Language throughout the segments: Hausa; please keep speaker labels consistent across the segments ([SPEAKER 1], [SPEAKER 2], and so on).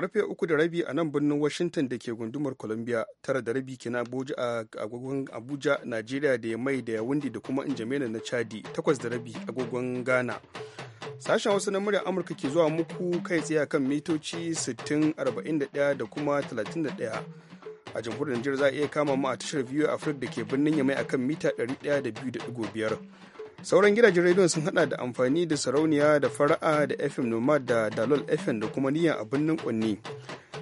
[SPEAKER 1] karfe uku da rabi a nan birnin washington da ke gundumar columbia tara da rabi kenan abuja a agogon abuja nigeria da ya mai da wundi da kuma injamena na chadi takwas da rabi agogon ghana sashen wasu na murya amurka ke zuwa muku kai tsaye kan mitoci 60 41 da kuma 31 a jamhuriyar Nijar za a iya kama mu a tashar biyu a Afirka da ke birnin Yamai akan mita 102.5 sauran gidajen rediyon sun hada da amfani da sarauniya da fara'a da fm nomad da dalol fm da kuma niyan a birnin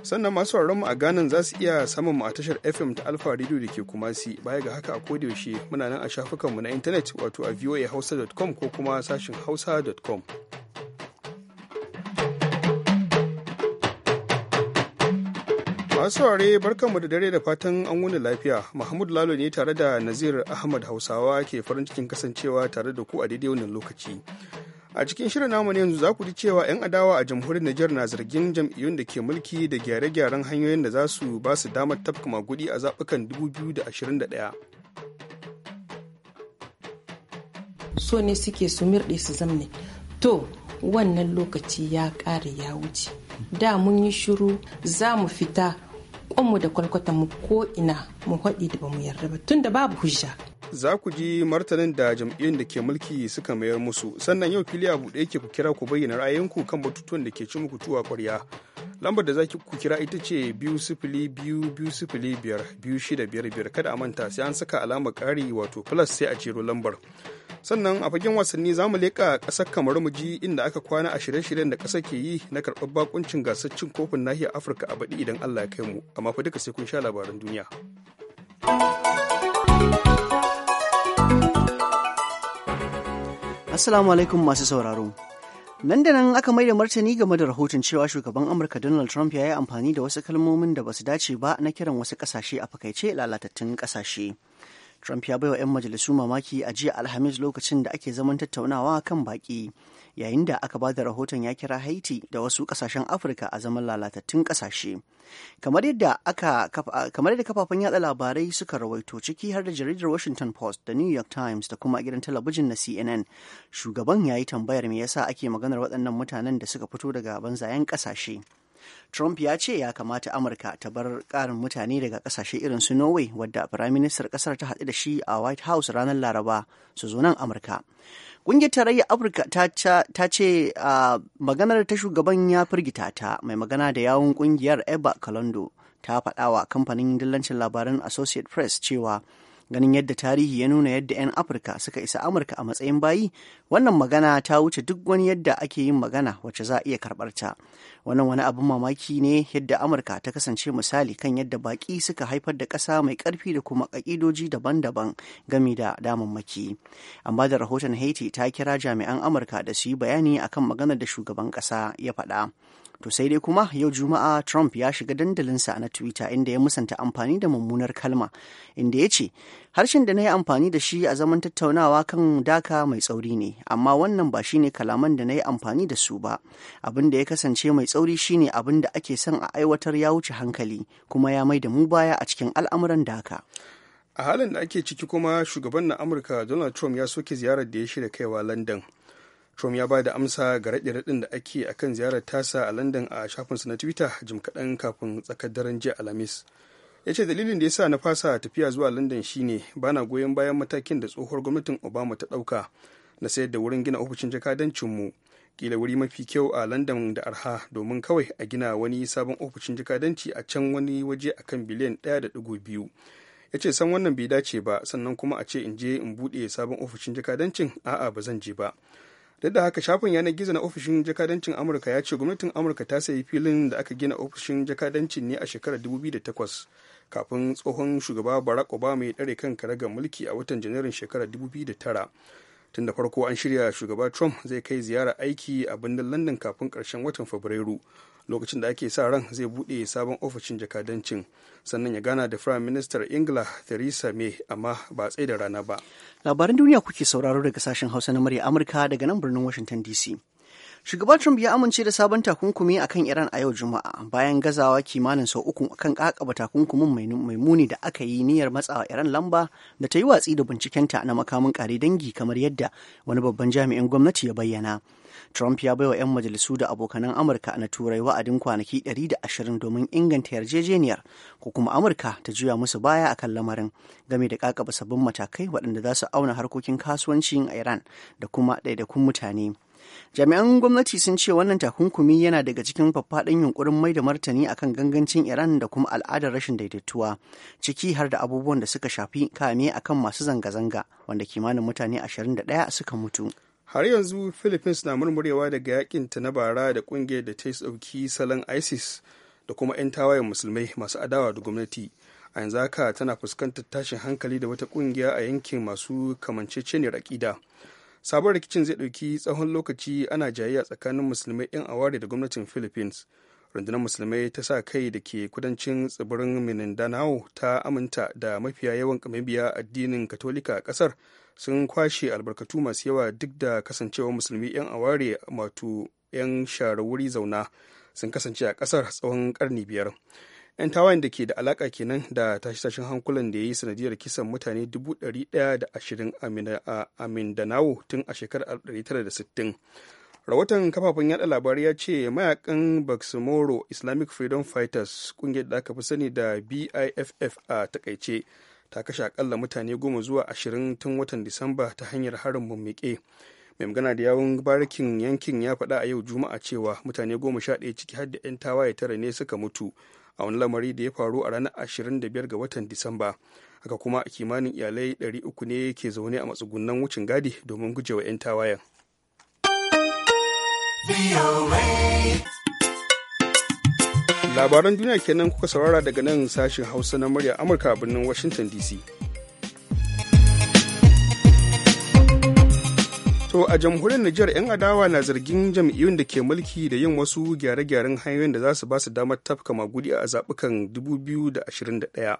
[SPEAKER 1] sannan masu mu a ganan za su iya samun mu a tashar fm ta alfa radio da ke kumasi baya ga haka a yaushe muna nan a shafukanmu na intanet wato a voahausa.com ko kuma sashin hausa.com masu saurare barkanmu da dare da fatan an wuni lafiya mahmud lalo ne tare da nazir ahmad hausawa ke farin cikin kasancewa tare da ku a daidai wannan lokaci a cikin shirin namu ne yanzu za ku ji cewa 'yan adawa a jamhuriyar Nijar na zargin jam'iyyun da ke mulki da gyare-gyaren hanyoyin da za su ba su damar tafka magudi a zaɓukan ɗaya.
[SPEAKER 2] so ne suke su mirɗe su zamne to wannan lokaci ya ƙare ya wuce da mun yi shiru za mu fita kwanmu da kwalkwatan mu ko ina mu haɗi da bamu yarda ba tunda babu
[SPEAKER 1] hujja za ku ji martanin da jam'iyyun da ke mulki suka mayar musu sannan yau fili a buɗe yake ku kira ku bayyana ra'ayinku kan batutuwan da ke ci muku tuwa ƙwarya lambar da za ku kira ita ce biyu sifili biyu biyu sifili biyar biyu shida biyar biyar kada a manta sai an saka alamar ƙari wato plus sai a jero lambar sannan a fagen wasanni za mu leƙa ƙasar kamaru mu ji inda aka kwana a shirye-shiryen da ƙasar ke yi na karɓar bakuncin gasar cin kofin nahiyar afirka a baɗi idan allah ya kai mu amma fa duka sai kun sha labaran duniya
[SPEAKER 3] assalamu alaikum masu sauraro nan da nan aka maida martani game da rahoton cewa shugaban amurka donald trump ya yi amfani da wasu kalmomin da ba su dace ba na kiran wasu kasashe a fakaice lalatattun kasashe Trump ya baiwa 'yan majalisu mamaki a jiya Alhamis lokacin da ake zaman tattaunawa kan baki yayin da aka ba da rahoton ya kira Haiti da wasu kasashen Afirka a zaman lalatattun kasashe Kamar yadda kafafen yatsa labarai suka rawaito ciki har da jaridar Washington Post da New York Times da kuma gidan talabijin na CNN, shugaban ya yi tambayar me yasa ake maganar waɗannan mutanen da suka fito daga banzayen kasashe. Trump ya ce ya kamata Amurka ta bar ƙarin mutane daga ƙasashe irin su Norway wadda Firaministan ƙasar ta haɗu da shi a White House ranar Laraba su zo nan Amurka. Ƙungiyar tarayyar Afirka ta ce maganar ta shugaban ya firgita ta mai magana da yawun ƙungiyar Eba Kalondo ta faɗawa kamfanin dillancin labaran Associate Press cewa ganin yadda tarihi ya nuna yadda 'yan afirka suka isa amurka a matsayin bayi wannan magana ta wuce duk wani yadda ake yin magana wacce za a iya karɓar ta wannan wani abin mamaki ne yadda amurka ta kasance misali kan yadda baƙi suka haifar da ƙasa mai ƙarfi da kuma ƙa'idoji daban-daban gami da damammaki amma da rahoton haiti ta kira jami'an amurka da su yi bayani akan maganar da shugaban ƙasa ya faɗa To sai dai kuma yau Juma'a Trump ya shiga dandalinsa na Twitter inda ya musanta amfani da mummunar kalma inda ya ce harshen da na yi amfani da shi a zaman tattaunawa kan daka mai tsauri ne amma wannan ba shine kalaman da na yi amfani da su ba abin da ya kasance mai tsauri shine abin da ake son a aiwatar ya wuce hankali kuma ya mai da mu baya a cikin al'amuran daka.
[SPEAKER 1] A halin da ake ciki kuma shugaban na Amurka Donald Trump ya soke ziyarar da ya shirya kaiwa London. Trump ya ba da amsa ga raɗe-raɗin da ake a kan ziyarar tasa a London a shafinsa na Twitter jim kaɗan kafin tsakar daren jiya Alhamis. Ya ce dalilin da ya sa na fasa tafiya zuwa London shine bana goyon bayan matakin da tsohuwar gwamnatin Obama ta ɗauka na sayar da wurin gina ofishin jakadancinmu. Kila wuri mafi kyau a London da arha domin kawai a gina wani sabon ofishin jakadanci a can wani waje akan biliyan ɗaya da ɗigo biyu. ya ce san wannan bai dace ba sannan kuma a ce in je in buɗe sabon ofishin jakadancin a'a ba zan je ba duk da haka shafin yanar gizo na ofishin jakadancin amurka ya ce gwamnatin amurka ta sayi filin da aka gina ofishin jakadancin ne a shekarar 2008 kafin tsohon shugaba barack obama ya dare kan karagar mulki a watan janairun shekarar 2009 tun da farko an shirya shugaba trump zai kai ziyara aiki a birnin london kafin karshen watan fabrairu lokacin da ake sa ran zai buɗe sabon ofishin jakadancin sannan ya gana da firayim ministar ingila theresa may amma ba tsaye da rana ba labaran
[SPEAKER 3] duniya kuke sauraro daga sashen hausa na murya amurka daga nan birnin washington dc shugaban Trump ya amince da sabon takunkumi akan Iran a yau Juma'a bayan gazawa kimanin sau uku kan kakaba takunkumin mai muni da aka yi niyyar matsawa Iran lamba da ta yi watsi da bincikenta na makamin kare dangi kamar yadda wani babban jami'in gwamnati ya bayyana. Trump ya baiwa 'yan majalisu da abokanan Amurka na Turai wa'adin kwanaki 120 domin inganta yarjejeniyar ko kuma Amurka ta juya musu baya akan lamarin game da kakaba sabbin matakai waɗanda za su auna harkokin kasuwanci a Iran da kuma ɗaiɗaikun mutane. jami'an gwamnati sun ce wannan takunkumi yana daga cikin faffaɗin yunkurin mai da martani akan gangancin iran da kuma al'adar rashin daidaituwa ciki har da abubuwan da suka shafi kame akan masu zanga-zanga wanda kimanin mutane 21 suka mutu
[SPEAKER 1] har yanzu philippines na murmurewa daga yakinta na bara da kungiyar da ta sauki salon isis da kuma 'yan tawayen musulmai masu adawa da gwamnati a yanzu haka tana fuskantar tashin hankali da wata kungiya a yankin masu kamanceceniyar akida sabon rikicin zai ɗauki tsawon lokaci ana jayayya tsakanin musulmai 'yan aware da gwamnatin philippines rundunar musulmai ta sa kai da ke kudancin tsibirin mindanao ta aminta da mafiya yawan kamabiya addinin katolika a ƙasar sun kwashe albarkatu masu yawa duk da kasancewa musulmi 'yan aware wato 'yan share wuri zauna sun kasance a kasar tsawon karni biyar 'yan tawayen da ke da alaka kenan da tashe-tashen hankulan da ya yi sanadiyar kisan mutane 120 a mindanao tun a shekarar 1960 rahoton kafafen yada labarai ya ce mayakan baksimoro islamic freedom fighters kungiyar da aka fi sani da biff a takaice ta kashe akalla mutane goma zuwa ashirin tun watan disamba ta hanyar harin mummiƙe mai magana da yawon barikin yankin ya faɗa a yau juma'a cewa mutane goma sha ɗaya ciki har da 'yan tawaye tara ne suka mutu a wani lamari da ya faru a ranar ashirin da biyar ga watan disamba haka kuma a kimanin iyalai ɗari uku ne ke zaune a matsugunan wucin gadi domin gujewa 'yan tawayen. labaran duniya kenan kuka saurara daga nan sashin hausa na murya amurka a birnin washington dc to a jamhuriyar nijar 'yan adawa na zargin jam'iyyun da ke mulki da yin wasu gyare-gyaren hanyoyin da za su ba su damar tafka magudi a zaɓukan 2021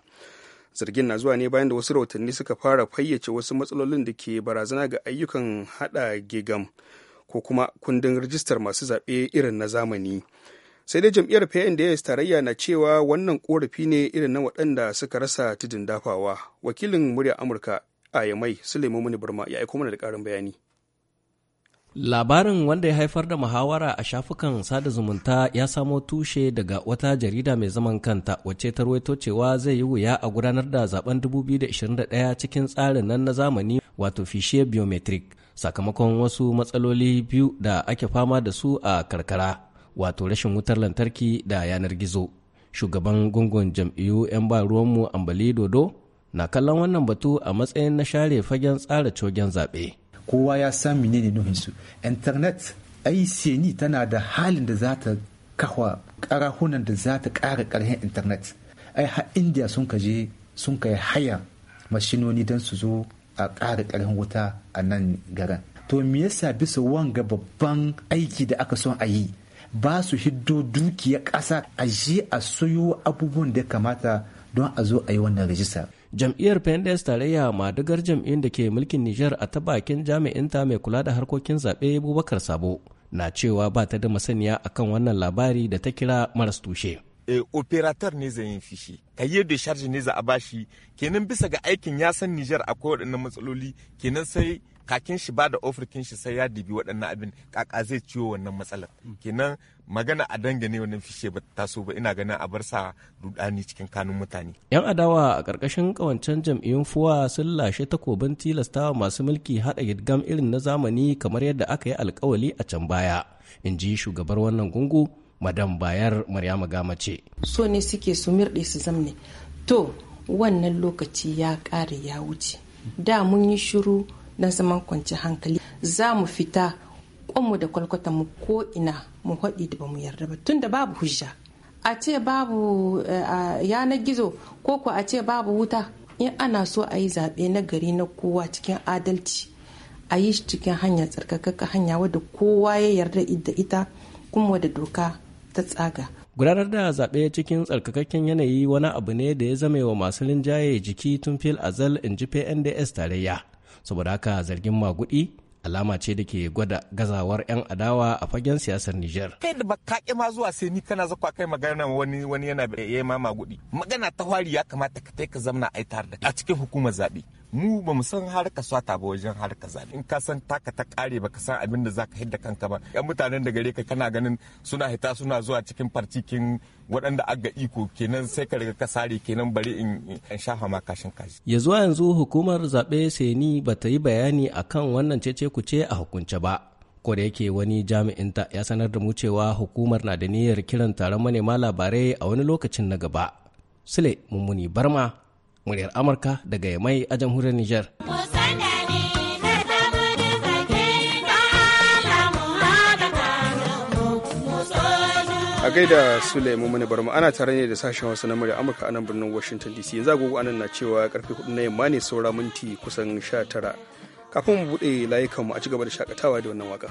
[SPEAKER 1] zargin na zuwa ne bayan da wasu rahotanni suka fara fayyace wasu matsalolin da ke barazana ga ayyukan hada gigam ko kuma kundin rijistar masu zaɓe irin na zamani sai dai jam'iyyar pnds tarayya na cewa wannan korafi ne irin na waɗanda suka rasa tudun dafawa wakilin murya amurka a yamai suleiman burma ya aiko mana da ƙarin bayani
[SPEAKER 4] labarin wanda ya haifar da muhawara a shafukan sada zumunta ya samo tushe daga wata jarida mai zaman kanta wacce ta rawaito cewa zai yi wuya a gudanar da zaben 2021 cikin tsarin nan na zamani wato fishe biometric sakamakon wasu matsaloli biyu da ake fama da su a karkara wato rashin wutar lantarki da yanar gizo shugaban gungun jam'iyyu 'yan ba ruwanmu ambali dodo na kallon wannan batu a matsayin na share fagen tsara cogen
[SPEAKER 5] zaɓe kowa ya san menene su internet ai tana da halin da za ta kawa karahunan da za ta ƙara ƙarhin internet ai ha
[SPEAKER 6] india sun kaje sun kai haya mashinoni don su zo a ƙara ƙarhin
[SPEAKER 5] wuta a nan garin to me yasa bisa wanga babban aiki da aka son a yi ba su hiddo dukiyar ƙasa a je a soyo abubuwan da ya kamata
[SPEAKER 4] don a zo a yi wannan rajista. jam'iyyar pnds tarayya madagar jam'iyyar da ke mulkin nijar a ta bakin jami'inta mai kula da harkokin zaɓe bubakar sabo na cewa ba ta da masaniya akan wannan labari da ta kira maras tushe.
[SPEAKER 5] e, eh, operator ne zai yin fishi ka yi da ne za a bashi kenan bisa ga aikin ya san nijar a waɗannan matsaloli kenan sai kakin shi ba da ofirkin shi sai ya dibi waɗannan abin kaka zai ciwo wannan matsalar kenan magana a dangane wannan fishe ba taso ba ina ganin a bar sa rudani cikin kanun mutane
[SPEAKER 4] yan adawa a ƙarƙashin kawancen jam'iyyun fuwa sun lashe takobin tilastawa masu mulki haɗa gidgam irin na zamani kamar yadda aka yi alkawali a can baya in ji shugabar wannan gungu madam bayar maryama gama ce
[SPEAKER 2] so ne suke su mirɗe su zamne to wannan lokaci ya ƙare ya wuce da mun yi shiru na zaman kwanci hankali za mu fita kwanmu da kwalkwata mu ko ina mu haɗi da ba mu yarda ba tunda babu hujja a ce babu eh, yanar gizo ko ko a ce babu wuta in ana so a yi zaɓe na gari na kowa cikin adalci a yi cikin hanya tsarkakakka hanya wadda kowa ya yarda da ita kuma wadda doka ta tsaga
[SPEAKER 4] gudanar da zaɓe cikin tsarkakakken yanayi wani abu ne da ya zame wa masu linjaye jiki tun fil azal in ji pnds tarayya saboda haka zargin maguɗi alama ce da ke gwada gazawar 'yan adawa a fagen siyasar Nijar.
[SPEAKER 5] Kai da baka ma zuwa sai ni kana zakwa kai magana wani wani yana yi ma magudi. Magana ta hwari ya kamata ka kai ka zamna ai tare da a cikin hukumar zaɓe. mu ba mu san har harka swata ba wajen har ka zabe in ka san taka ta kare ka san abin da zaka hidda kanka ba yan mutanen da gare ka kana ganin suna hita suna zuwa cikin farcikin waɗanda aga iko kenan sai ka riga ka sare kenan bari in shafa ma kashin kashi
[SPEAKER 4] ya zuwa yanzu hukumar zabe seni ta yi bayani akan wannan cece kuce a hukunce ba ko da yake wani jami'in ta ya sanar da mu cewa hukumar na da niyyar kiran taron manema labarai a wani lokacin na gaba. Sule Mummuni Barma, muryar amurka daga yamai a jamhuriyar niger
[SPEAKER 1] a gaida sulaimu mani barma ana tare ne da sashen wasu na murya amurka a nan birnin washington dc yanzu agogo anan na cewa karfe hudu na yamma ne saura minti kusan tara kafin mu buɗe layukanmu a ci gaba da shakatawa da wannan waka.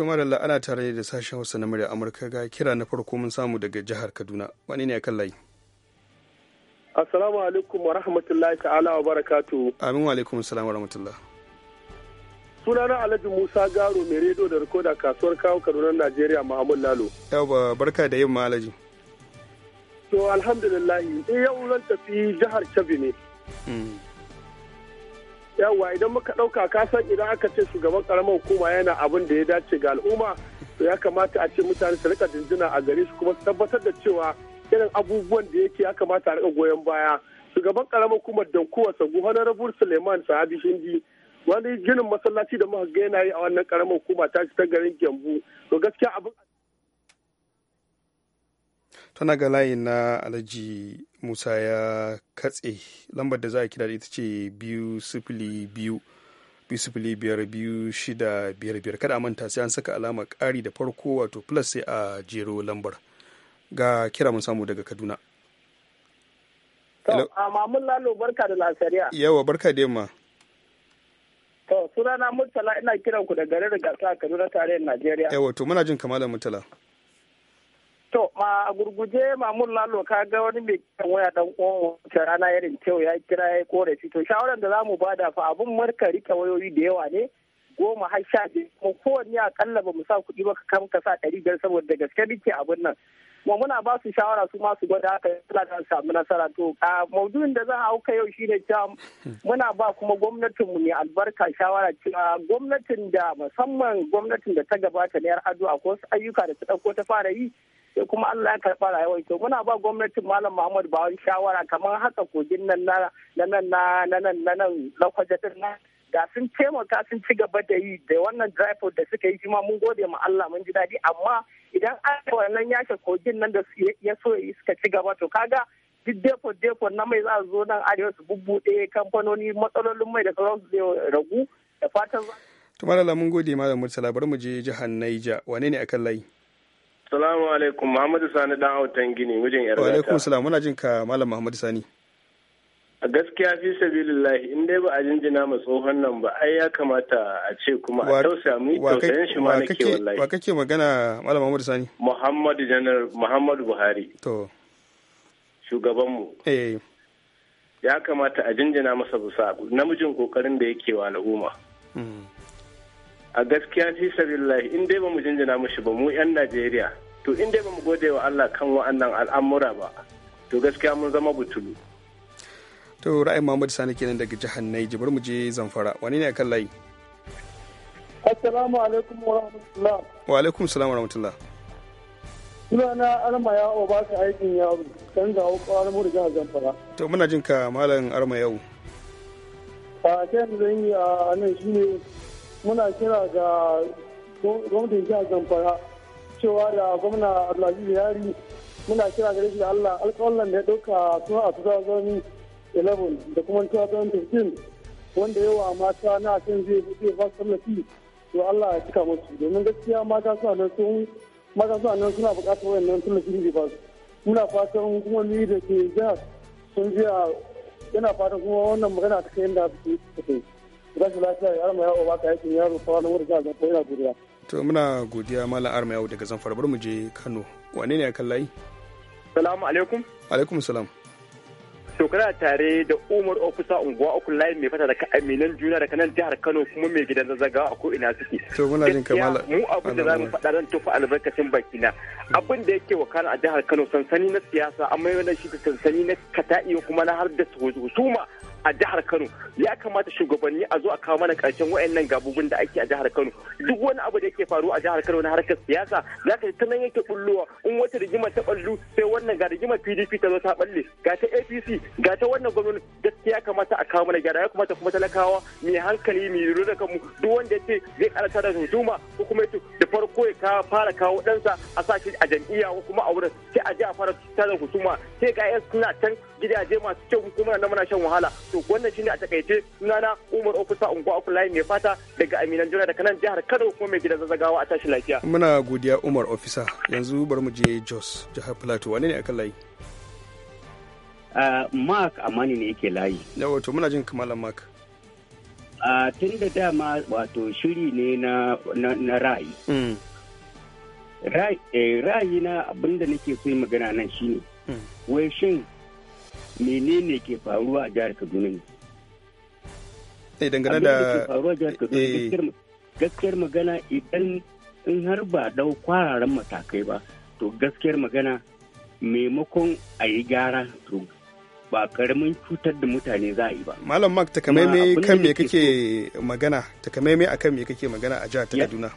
[SPEAKER 1] to madalla ana tare da sashen hausa na murya amurka ga kira na farko mun samu daga jihar kaduna wani ne kan layi
[SPEAKER 7] assalamu alaikum wa rahmatullahi ta'ala wa barakatu
[SPEAKER 1] amin wa alaikum assalam wa rahmatullah
[SPEAKER 7] sunana alhaji musa garo mai rediyo da rikoda kasuwar kawo kaduna najeriya muhammad lalo
[SPEAKER 1] ba barka da yin ma'alaji
[SPEAKER 7] to alhamdulillah eh, yau zan tafi jihar kebbi ne mm. yawa idan muka ɗauka kasan idan aka ce shugaban karamar hukuma yana abin da ya dace ga al'umma to ya kamata a ce mutane su rika dindina a gare su kuma su tabbatar da cewa irin abubuwan da yake ya kamata a rika goyon baya shugaban karamar hukumar dankuwa sagu rabur suleiman sahabi shindi wani ginin masallaci da muka ga yana yi a wannan karamar hukuma ta ta garin gyambu to gaskiya abin
[SPEAKER 1] tana ga layi na alhaji musa ya katse lambar da za a kira da ita ce biyu sifili biyu biyu sifili biyar biyu shida biyar biyar kada a manta sai an saka alama ƙari da farko wato plus sai a jero lambar ga kira mun samu daga kaduna To, a
[SPEAKER 8] mamun lalo barka da lasariya.
[SPEAKER 1] Yawa barka da yamma.
[SPEAKER 7] To, sunana Murtala ina kiran ku da garin Rigasa Kaduna tarayyar Najeriya. Yawa,
[SPEAKER 1] to muna jin kamalan Murtala.
[SPEAKER 7] To, ma a gurguje Mamun Lalo ka ga wani mai kyan waya dan uwan wace rana irin kyau ya kira ya korafi. To, shawaran da za mu bada fa abun marka rika wayoyi da yawa ne goma har sha biyu kuma kowanne kalla ba mu sa kuɗi ba ka ka sa ɗari biyar saboda gaske muke abun nan. Kuma muna ba su shawara su ma su gwada haka suna da samu nasara to a maudu'in da zan auka yau shine cewa muna ba kuma gwamnatinmu ne albarka shawara cewa gwamnatin da musamman gwamnatin da ta gabata ne yar ado akwai wasu ayyuka da ta ɗauko ta fara yi sai kuma Allah ya karɓa rayuwar to muna ba gwamnatin Malam Muhammad Bawari shawara kamar haka kogin nan na nan na nan na nan na ga sun taimaka sun ci gaba da yi da wannan tripod da suka yi shi ma mun gode ma Allah mun ji daɗi amma idan aka wannan yashe kogin nan da ya so yi suka ci gaba to kaga duk depo depo na mai za a zo nan arewa su bubbuɗe kamfanoni matsalolin mai da su zai ragu da fatan za.
[SPEAKER 1] Tumara mun gode Malam Murtala bari mu je jihar Naija wane ne akan layi?
[SPEAKER 8] Salamu
[SPEAKER 7] alaikum Muhammadu Sani dan
[SPEAKER 5] autan gini mijin ta Wa alaikum
[SPEAKER 1] salam muna jin ka Malam Muhammadu Sani.
[SPEAKER 5] A gaskiya fi sabilillahi in dai ba a jinjina ma tsohon nan ba ai ya kamata a ce kuma a tausaya mu tausayin shi ma nake wallahi. Wa
[SPEAKER 1] kake magana Malam Muhammadu Sani?
[SPEAKER 5] Muhammadu Janar Muhammadu Buhari. To. mu. Eh. Ya kamata a jinjina masa busa namijin kokarin da yake wa al'umma. Hmm. a gaskiya fi sabillahi in dai ba mu jinjina mushi ba mu 'yan najeriya to in dai ba mu gode wa allah kan wa'annan al'amura ba to gaskiya mun zama butulu
[SPEAKER 1] to ra'ayin muhammadu sani kenan daga jihar naija bari mu je zamfara wani ne kan layi
[SPEAKER 7] assalamu alaikum wa rahmatullah
[SPEAKER 1] wa alaikum salam wa rahmatullah
[SPEAKER 7] sunana arma ya ba ka aikin yaro kan ga kwarar mu da jihar zamfara
[SPEAKER 1] to muna jin ka malam arma yau
[SPEAKER 7] a kan zan yi a nan shine muna kira ga gwamnatin jihar zamfara cewa da gwamna abdulaziz yari muna kira ga rashin allah alkawalan da ya dauka tun a 2011 da kuma 2015 wanda yawa mata na kan zai buɗe ba tallafi to allah ya cika musu domin gaskiya mata suna nan sun mata suna nan suna buƙatar wayannan tallafin da ba su muna fatan hukumomi da ke jihar sun jiya yana fatan kuma wannan magana ta kai yadda su kai rashin lafiya ya arma yawo baka yakin yaro fara wurin ga zafi yana godiya
[SPEAKER 1] to muna godiya malam arma yawo daga zamfara bari mu je Kano wane ne akan layi
[SPEAKER 5] salamu alaikum alaikum salam to kana tare da Umar Ofisa unguwa uku layin mai fata daga ka aminan juna da kanan jihar Kano kuma mai gidan zazzaga a ko ina suke
[SPEAKER 1] to muna jin kamala mu abin da zamu faɗa
[SPEAKER 5] ran tufa albarkacin baki abin da yake wakana a jihar Kano sansani na siyasa amma yana shi sansani na kata'i kuma na har da husuma a jihar Kano ya kamata shugabanni a zo a kawo mana karshen wayannan gabubun da ake a jihar Kano duk wani abu da yake faruwa a jihar Kano na harkar siyasa za ka ta nan yake bullowa in wata rigima ta ballu sai wannan ga rigima PDP ta zo ta balle ga ta APC ga ta wannan gwamnati gaskiya kamata a kawo mana gyara ya kamata kuma talakawa mai hankali mai lura da kanmu duk wanda ya ce zai karanta da hutuma ko kuma yace da farko ya fara kawo ɗansa a sa shi a jam'iyya ko kuma a wurin sai a je a fara tada hutuma sai ga suna can gidaje masu kyau kuma na muna shan wahala to wannan shine a takaice sunana Umar Ofisa Unguwa Ofulai mai fata daga Aminan Jona daga nan jihar Kano kuma mai gidan zazzagawa a tashi lafiya
[SPEAKER 1] muna godiya Umar Ofisa yanzu bari mu je Jos jihar Plateau wani ne akan layi ah, Mark Amani ne yake layi yawa to muna jin kamalan Mark
[SPEAKER 6] a ah, tun da dama wato shiri ne na ra'ayi mm. ra'ayi eh, na abinda nake so yi magana nan shine mm. wai shin menene ke faruwa a jihar kaduna ne eh dangane da eh. gaskiyar magana idan in har ba dau kwararan matakai ba to gaskiyar magana maimakon a yi gyara to ba karamin cutar da mutane za a yi ba
[SPEAKER 1] malam mark takamaimai kan me kake magana takamaimai akan me kake magana a jihar ta kaduna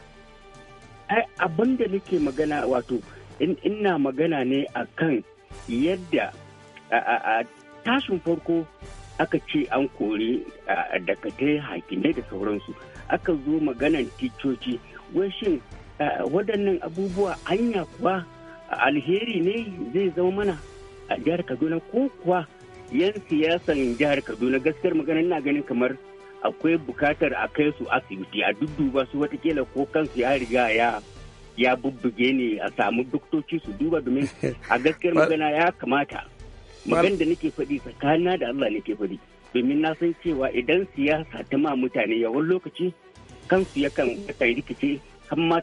[SPEAKER 6] abin da nake magana wato ina magana ne akan yadda a tashin farko aka ce an kori dakatai hakimai da sauransu aka zo maganan ticcoci. wai shin waɗannan abubuwa anya kuwa alheri ne zai zama mana a jihar kaduna ko kuwa yan siyasan jihar kaduna gaskiyar magana na ganin kamar akwai bukatar a kai su asibiti a dudduba su watakila ko kansu ya riga ya ya bubbuge ne a samu doktoci su duba domin a gaskiyar magana ya kamata magan da nake faɗi tsakanina da Allah nake faɗi domin na san cewa idan siyasa ta ma mutane yawan lokaci kansu kan kai rikice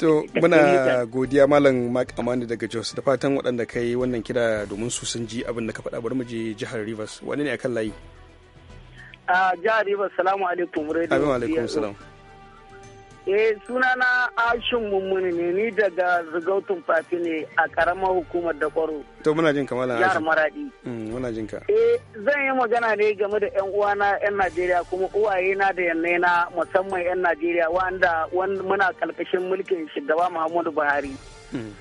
[SPEAKER 1] To muna godiya Malam Mark Amani daga Jos da fatan waɗanda ka yi wannan kira domin su sun ji abin da ka faɗa bari mu je jihar Rivers wani ne a kan layi?
[SPEAKER 8] A jihar Rivers salamu alaikum radio. Abin alaikum salam. Eh sunana Ashin Mummuni ne ni daga zugautun fati ne a karamar hukumar da kwaro.
[SPEAKER 1] To muna jin kamala Ashin. Maradi. Mm, muna jin ka. Eh
[SPEAKER 8] zan yi magana ne game da yan uwana yan Najeriya kuma uwaye na da yanne na musamman yan Najeriya wanda muna kalkashin mulkin shugaba Muhammadu Buhari. Mm.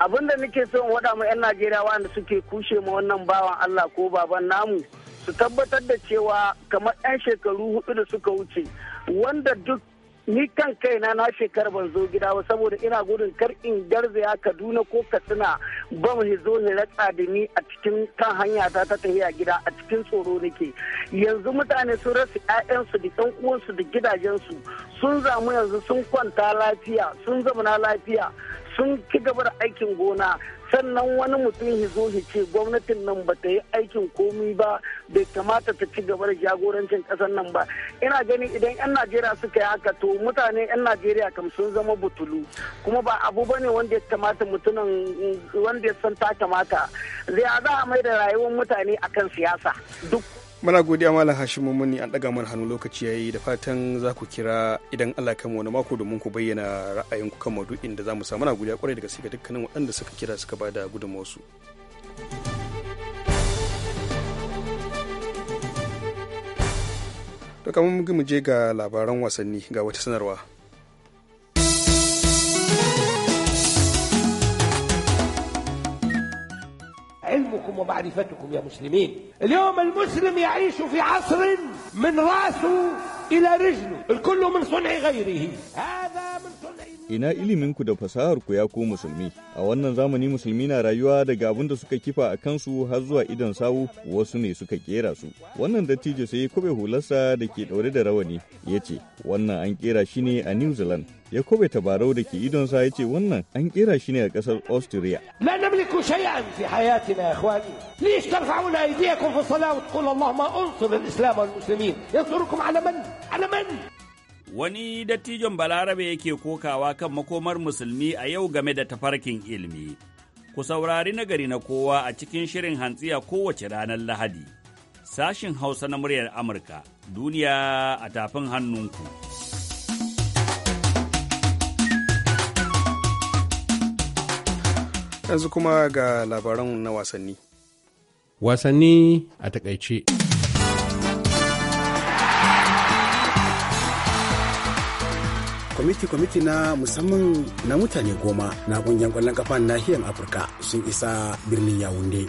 [SPEAKER 8] Abin da nake son wada mu yan Najeriya wanda suke kushe ma wannan bawan Allah ko baban namu su tabbatar da cewa kamar 'yan shekaru hudu da suka wuce wanda duk ni kan kaina na shekar ban zo gida ba saboda ina gudun kar in garzaya kaduna ko katsina ba mu zo ni ratsa da ni a cikin kan hanya ta ta tafiya gida a cikin tsoro nake yanzu mutane sun rasa 'ya'yansu da 'yan uwansu da gidajensu sun zamu yanzu sun kwanta lafiya sun zama na lafiya sun ci gaba da aikin gona sannan wani mutum ya zo ya ce gwamnatin nan ba ta yi aikin komi ba bai kamata ta ci gaba da jagorancin ƙasar nan ba ina gani idan 'yan najeriya suka yi haka to mutane 'yan najeriya kam sun zama butulu kuma ba abu ba wanda ya kamata mutumin wanda ya san ta kamata zai za a mai da rayuwar mutane akan siyasa duk
[SPEAKER 1] Muna godiya Malam hashim Muni an ɗaga mana hannu lokaci yayi da fatan za ku kira idan Allah mu wani mako domin ku bayyana ra'ayinku kan maudu'in da za mu samu. Muna godiya kwarai da gaske ga dukkanin waɗanda suka kira suka ba da gudunmawarsu. To kamar mu je ga labaran wasanni ga wata sanarwa.
[SPEAKER 5] علمكم ومعرفتكم يا مسلمين اليوم المسلم يعيش في عصر من راسه إلى رجله الكل من صنع غيره هذا
[SPEAKER 1] ina iliminku da fasaharku ya ko musulmi a wannan zamani musulmi na rayuwa daga abin da suka
[SPEAKER 6] kifa a kansu har zuwa idan sawu wasu ne suka kera su wannan dattijo sai kobe hularsa da ke ɗaure da rawani ya ce wannan an kera shi ne a new zealand ya kobe tabarau da ke idonsa ya ce wannan an kera shi ne a ƙasar austria
[SPEAKER 8] la namliku shay'an fi
[SPEAKER 5] hayatina ikhwani ليش ترفعون ايديكم في الصلاه وتقول اللهم انصر الاسلام والمسلمين ينصركم على من على من
[SPEAKER 6] Wani dattijon Balarabe yake kokawa kan makomar musulmi a yau game da tafarkin ilmi Ku saurari nagari na kowa a cikin shirin hantsiya kowace ranar Lahadi. Sashin Hausa na muryar Amurka, duniya a tafin hannunku.
[SPEAKER 1] Yanzu kuma ga labaran na wasanni.
[SPEAKER 6] Wasanni a takaice.
[SPEAKER 9] kwamiti-kwamiti na musamman na mutane goma na kungiyar kwallon kafa nahiyar afirka sun isa birnin yawunde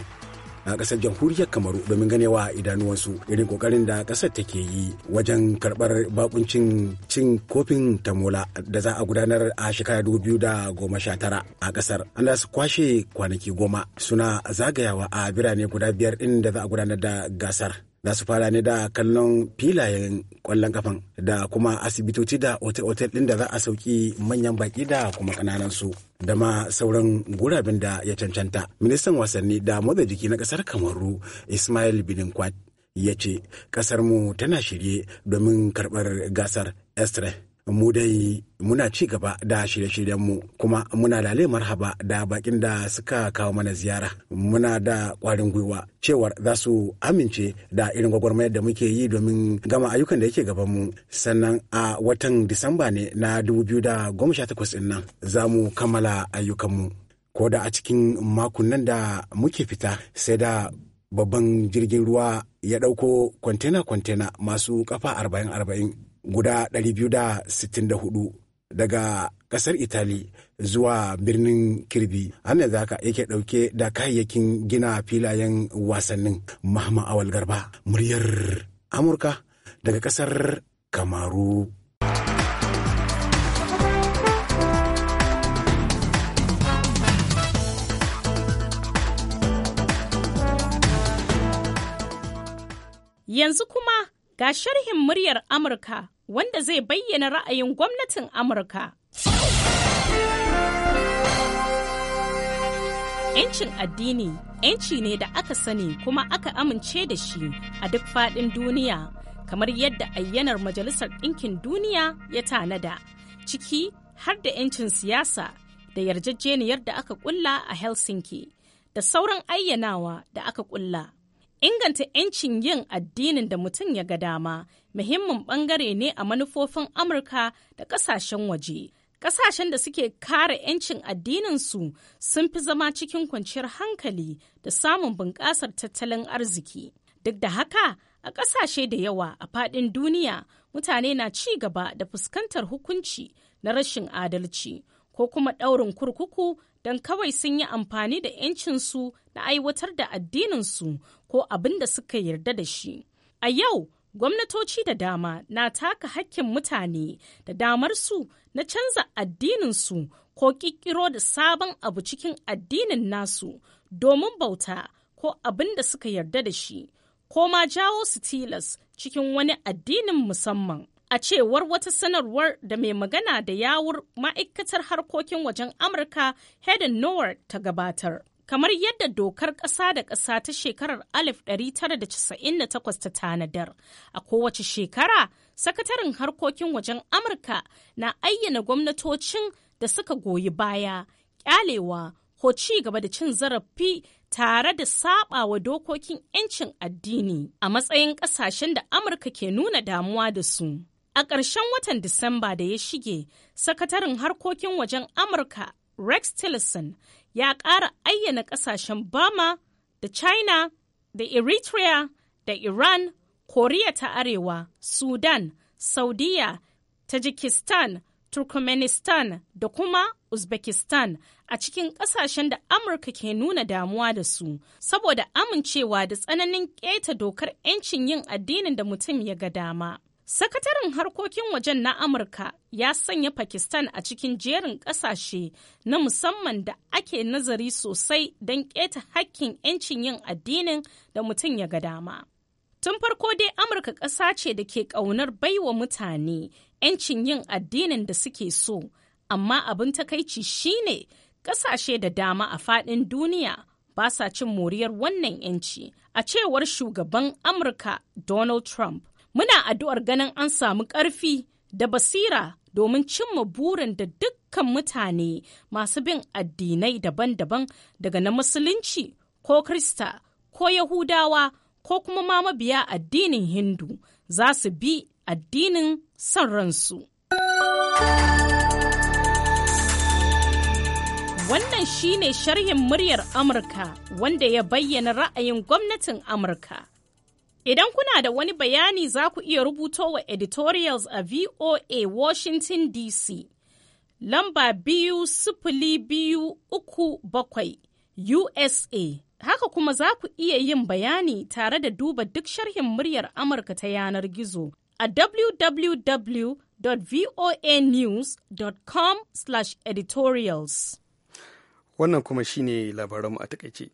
[SPEAKER 9] a ƙasar jamhuriyar kamaru domin ganewa idanuwansu irin kokarin da ƙasar take yi wajen karɓar bakuncin cin kofin tamola da za a gudanar a shekara dubu da goma sha tara a ƙasar an da su kwashe kwanaki goma suna zagayawa a birane guda biyar din da za a gudanar da gasar za su fara ne da kallon filayen kwallon kafan da kuma asibitoci da otel-otel ɗin da za a sauki manyan baki da kuma ƙananansu da ma sauran guraben da ya cancanta. Ministan wasanni da motsa jiki na ƙasar Kamaru Ismail Bilinkwat ya ce ƙasarmu tana shirye domin karɓar gasar Estre. mu dai muna ci gaba da shirye-shiryenmu kuma muna lale marhaba da bakin da suka kawo mana ziyara muna da kwarin gwiwa cewar za su amince da irin gwagwarmayar da muke yi domin gama ayyukan da yake gabanmu sannan a watan disamba ne na 2018 ɗin nan za mu kammala ayyukanmu ko da a cikin makon da muke fita sai da babban jirgin ruwa ya ɗauko kwantena-kwantena masu kafa arba'in-arba'in. guda 264 daga kasar Itali zuwa birnin Kirbi. Har yanzu haka yake ɗauke da kayayyakin gina filayen wasannin Mahama Awal Garba, muryar Amurka daga kasar Kamaru.
[SPEAKER 10] Yanzu kuma ga sharhin muryar Amurka wanda zai bayyana ra'ayin gwamnatin Amurka. 'Yancin addini, 'yanci ne da aka sani kuma aka amince da shi a duk faɗin duniya, kamar yadda ayyanar Majalisar Ɗinkin Duniya ya tanada, ciki har da 'yancin siyasa da yarjejeniyar da aka ƙulla a Helsinki, da sauran ayyanawa da aka ƙulla. Inganta 'yancin yin addinin da mutum ya ga dama muhimmin bangare ne a manufofin Amurka da ƙasashen waje. Ƙasashen da suke kare 'yancin addininsu sun fi zama cikin kwanciyar hankali da samun bunƙasar tattalin arziki. Duk da haka, a ƙasashe da yawa a faɗin duniya, mutane na ci gaba da fuskantar hukunci na rashin adalci ko kuma ɗaurin kurkuku don kawai sun yi amfani da 'yancinsu na aiwatar da addininsu ko abin da suka yarda da shi. A yau, gwamnatoci da dama na taka hakkin mutane da damarsu na canza addininsu ko ƙiƙiro da sabon abu cikin addinin nasu domin bauta ko abin da suka yarda da shi, ko ma jawo su tilas cikin wani addinin musamman. A cewar wata sanarwar da mai magana da yawur ma'aikatar harkokin wajen Amurka Hedin Nowar ta gabatar. Kamar yadda dokar ƙasa da ƙasa ta shekarar 1998 ta tanadar, a kowace shekara, sakataren harkokin wajen Amurka na ayyana gwamnatocin da suka goyi baya, ƙyalewa ko ci gaba da cin zarafi tare da saba wa dokokin 'yancin addini a matsayin ƙasashen da Amurka ke nuna damuwa da su. A ƙarshen watan Disamba da ya shige, sakataren harkokin wajen Amurka Rex Tillerson ya ƙara ayyana ƙasashen Bama da China da Eritrea da Iran, Koriya ta Arewa, Sudan, Saudiya, Tajikistan, Turkmenistan da kuma Uzbekistan a cikin ƙasashen da Amurka ke nuna damuwa da su saboda amincewa da tsananin keta dokar 'yancin yin addinin da mutum ya ga dama. Sakataren harkokin wajen na Amurka ya sanya Pakistan a cikin jerin ƙasashe na musamman da ake nazari sosai don keta hakkin 'yancin yin addinin da mutum ya ga dama. Tun farko dai Amurka ƙasa ce da ke ƙaunar baiwa mutane 'yancin yin addinin da suke so, amma abin takaici shine ƙasashe da dama a faɗin duniya ba sa cin moriyar wannan 'yanci, a cewar shugaban Amurka Donald Trump. Muna addu'ar ganin an samu ƙarfi da basira domin cimma burin da dukkan mutane masu bin addinai daban-daban daga na Musulunci ko Krista ko Yahudawa ko kuma ma mabiya addinin Hindu za su bi addinin son ransu. Wannan ne sharhin muryar Amurka wanda ya bayyana ra'ayin gwamnatin Amurka. Idan kuna da wani bayani za ku iya rubuto wa editorials a VOA Washington DC. Lamba biyu sifili biyu uku bakwai USA. Haka kuma za ku iya yin bayani tare da duba duk sharhin muryar Amurka ta yanar gizo a www.voanews.com/editorials.
[SPEAKER 1] Wannan kuma shine labaranmu a takaice.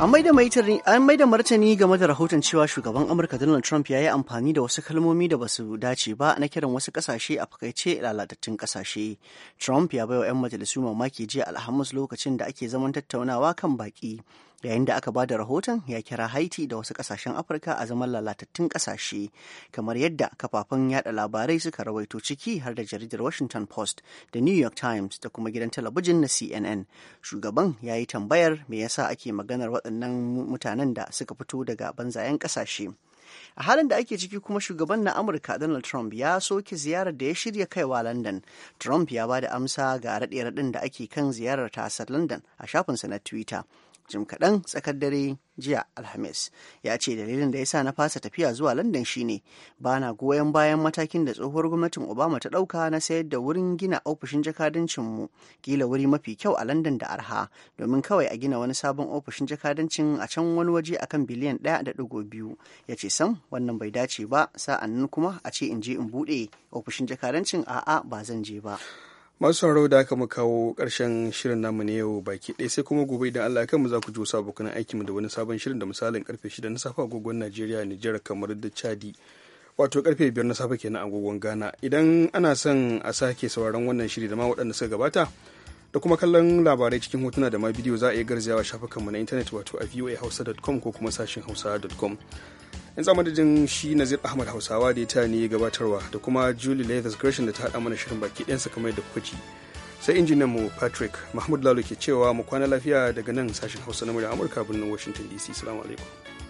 [SPEAKER 3] An maida martani game da rahoton cewa shugaban Amurka Donald Trump ya yi amfani da wasu kalmomi da basu dace ba na kiran wasu kasashe a fakaice lalatattun kasashe. Trump ya baiwa 'yan majalisu mamaki jiya Alhamis lokacin da ake zaman tattaunawa kan baki yayin da aka ba da rahoton ya kira haiti da wasu kasashen afirka a zaman lalatattun kasashe kamar yadda kafafen yada labarai suka rawaito ciki har da jaridar washington post da new york times da kuma gidan talabijin na cnn shugaban ya yi tambayar me yasa ake maganar waɗannan mutanen da suka fito daga banzayen kasashe a halin da ake ciki kuma shugaban na amurka donald trump ya soke ziyarar da ya shirya kaiwa london trump ya ba da amsa ga raɗe-raɗin da ake kan ziyarar tasar london a shafinsa na twitter jim kaɗan tsakar dare jiya alhamis ya ce dalilin da ya sa na fasa tafiya zuwa london shine ba na goyon bayan matakin da tsohuwar gwamnatin obama ta ɗauka na sayar da wurin gina ofishin jakadancinmu kila wuri mafi kyau a london da arha domin kawai a gina wani sabon ofishin jakadancin a can wani waje akan biliyan ɗaya da ɗigo biyu ya ce sam wannan bai dace ba sa'an nan kuma a ce in je in buɗe ofishin jakadancin a'a ba zan je ba
[SPEAKER 1] masu sauraro da aka mu kawo karshen shirin namu ne yau baki ɗaya sai kuma gobe idan Allah kanmu za ku ji wasu aiki aikinmu da wani sabon shirin da misalin karfe 6 na safa agogon Najeriya Nijar kamar da Chadi wato karfe 5 na safa kenan agogon Ghana idan ana son a sake sauraron wannan shiri da ma waɗanda suka gabata da kuma kallon labarai cikin hotuna da ma bidiyo za a iya garzayawa shafukanmu na intanet wato a voahausa.com ko kuma sashin hausa.com yan jin shi nazir ahmad hausawa da ya ta ne gabatarwa da kuma julie leathers gresham da ta haɗa mana shirin baki ɗansa kamar da kuka sai injinan mu patrick mahmud lalo ke cewa mu kwana lafiya daga nan sashen hausa na murya amurka birnin washington dc salamu alaikum